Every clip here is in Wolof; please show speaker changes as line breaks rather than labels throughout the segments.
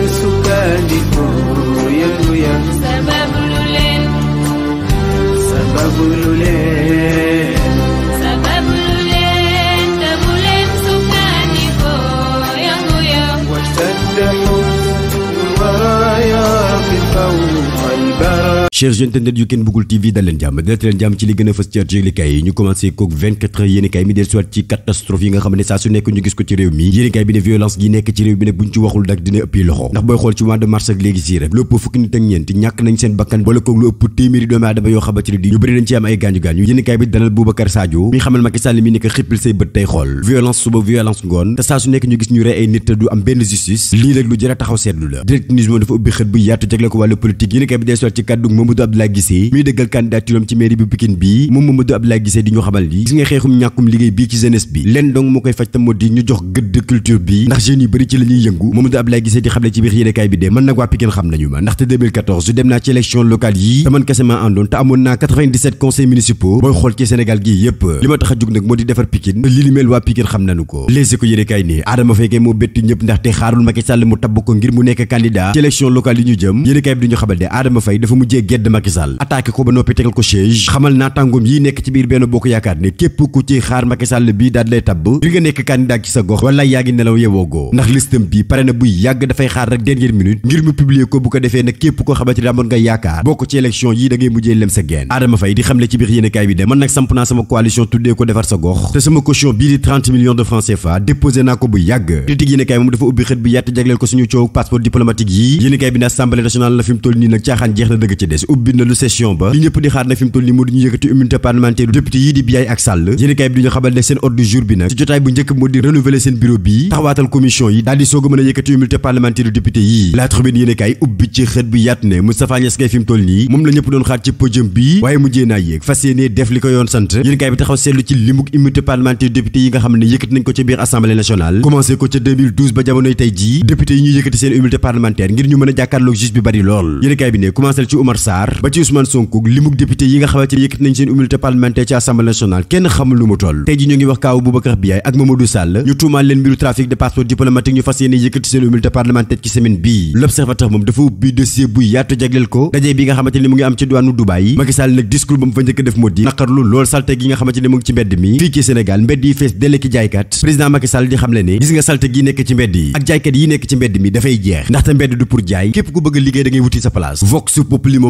yang suka digoyang chers internautes yu Ken Bougoul TV dal jàmm dal jàmm ci li gën a fës ci yi ñu commencé kook yéenekaay mi del su nekk ñu gis ko ci réew mi yéenekaay bi ne violence gi nekk ci réew mi nag buñ ci waxul dak dina ëppi loxo ndax booy xool ci mois de mars lu ëpp fukki nit ak ñeent ñàkk nañ seen bakkan boole koog lu ëpp téeméeri doomu aadama yéenekaay bi dalal su am benn justice lii nag lu jëra taxaw seetlu la direct Mamadou Abdoulaye Guissé muy ci mairie bu Pikine bii moom Mamadou Abdoulaye Guissé di ñu xamal li gis nga xeexum ñàkkum liggéey bii ci jeunesse bi leen dong moo koy faj tam moo di jox gëdd culture bi ndax jeunes yu bëri ci la ñuy yëngu Mamadou Abdoulaye Guissé di xamle ci biir yéenekaay bi dee man nag waa Pikine xam nañu ma ndaxte 2014 su dem naa ci élection locale yii te man kese àndoon te amoon naa 97 conseils municipaux booy xool ci Sénégal gi yépp li tête de Macky Sall attaqué ko ba noppi tegal ko siège xamal na tangum yi nekk ci bir benn bokk yaakaar ne képp ku ci xaar Macky Sall bi daal lay tabb di nga nekk candidat ci sa gox wala yaagi ngi nelaw yewogo ndax listam bi pare bu buy da fay xaar rek dernière minute ngir mu publier ko bu ko defee nag képp ko xamati ne amoon nga yaakaar bokk ci élection yi da ngay mujjé lem sa geen Adama Faye di xamlé ci biir yéenekaay bi de man nag samp na sama coalition tuddé ko défar sa gox té sama caution bi di 30 millions de francs CFA déposé naa ko bu yàgg critique yéenekaay moom dafa ubbi xët bi yatt jagleel ko suñu coow passeport diplomatique yi yéenekaay bi na assemblée nationale la fim toll ni nak caaxaan jeex na dëgg ci des ubbi na lu session ba li ñëpp di xaar nag fi toll nii moo di ñu yëkkati immunité parlementaire député yi di Biaye ak Sall yéen bi du ñu ne seen ordre du jour bi nag ci jotaay bu njëkk moo di renouveler seen bureau bi taxawaatal commission yi daal di soog a yëkkati immunité parlementaire yu yi nga xam ne yëkkati nañ ko ca biir assemblée nationale commencé ko ca ba jamonoy tey jii député yi ñuy yëkkati seen immunité parlementaire ngir Sarr ba ci Ousmane Sonko limuk député yi nga xamante ne yëkkati nañ seen immunité parlementaire ci assemblée nationale kenn xamul lu mu toll tey ji ñoo ngi wax kaaw Boubacar Biaye ak Mamadou Sall ñu tuumaal leen mbiru trafic de passeport diplomatique ñu fas yéene yëkkati seen immunité parlementaire ci semaine bii l'observateur moom dafa ubbi dossier bu yaatu jagleel ko dajee bi nga xamante ne mu ngi am ci duwaanu Dubaay Macky Sall nag discours ba mu fa njëkk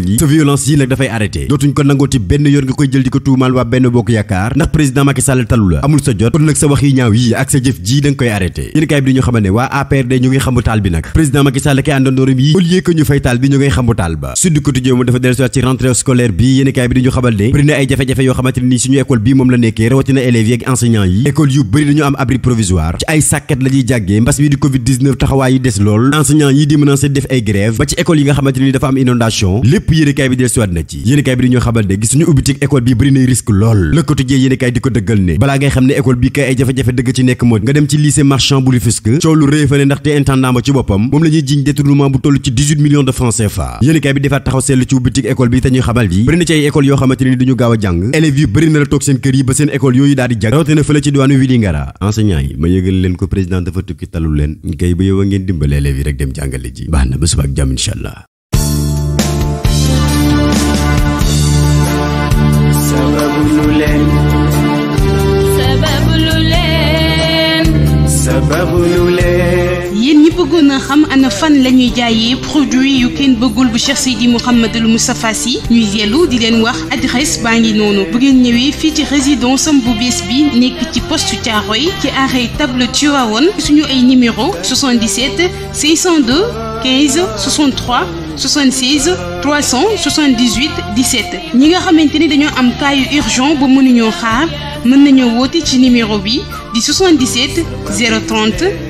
tuumal yi sa violence yi nag dafay arrêté dootuñ ko nangoti ben yoon nga koy jël di ko tuumal wa ben bokk yakar nak président Macky Sall talu la amul sa jot kon nak sa wax yi ñaaw yi ak sa jëf ji dang koy arrêté yéen kay bi di ñu xamal ne waa APR ñu ngi xamu tal bi nak président Macky Sall kay àndandooram yi au lieu que ñu fay tal bi ñu ngi xamu tal ba Sud Quotidien moom dafa delsu ci rentrée scolaire bi yéen kay bi di ñu xamal ne bëri na ay jafé jafé yo xamanteni ne suñu école bi mom la nekkee na élèves yi ak enseignants yi école yu bari dañu am abri provisoire ci ay sàkket lañuy jaggé mbass bi di covid 19 taxawa yi dess lool enseignants yi di menacer def ay grève ba ci école yi nga xamanteni dafa am inondation lépp lépp yéenekaay ci yéenekaay bi dañoo xamal ne kay bi defaat taxaw seetlu ci ubbi ci bi te ñuy xamal yi ci ay école yoo xamante duñu gaaw a jàng élèves yi bëri na la toog seen kër yi ba seen école yooyu daal jàng rawate na fële ci diwaanu Vélingara enseignant yi ma yëgal leen ko président dafa tukki talul leen ngay ba yow ngeen dimbale élèves yi rek dem jàngale ji baax na ba suba jàmm incha
Nous a xam ana fan lañuy ñuy produit yu kenn bëggul bu Cheikh Seydi Mouhamadul Moustapha Sy ñuy yellu di leen wax adresse baa ngi noonu bu ngeen ñëwee fi ci résidence bi nekk ci poste ci arrêt table Tiwawon suñu ay numéro 77 602 15 63 76 378 17 ñi nga xamanteni ni dañoo am cas yu urgent xaar mën ci numéro bi di 77 030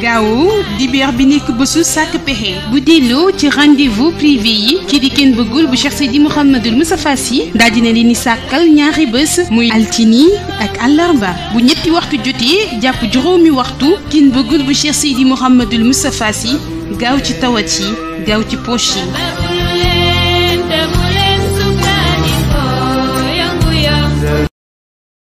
gaaw dibeer bi nekk bésu sàkk pexe bu delloo ci rendez-vous privé yi ci di kenn bëggul bu Cheikh Seydi Mouhamadul Moustapha Sy daal dina leen di sàkkal ñaari bés muy altini ak àllarba bu ñetti waxtu jotee jàpp juróomi waxtu kenn bëggul bu Cheikh Seydi Mouhamadul Moustapha Sy gaaw ci tawat yi gaaw ci poche yi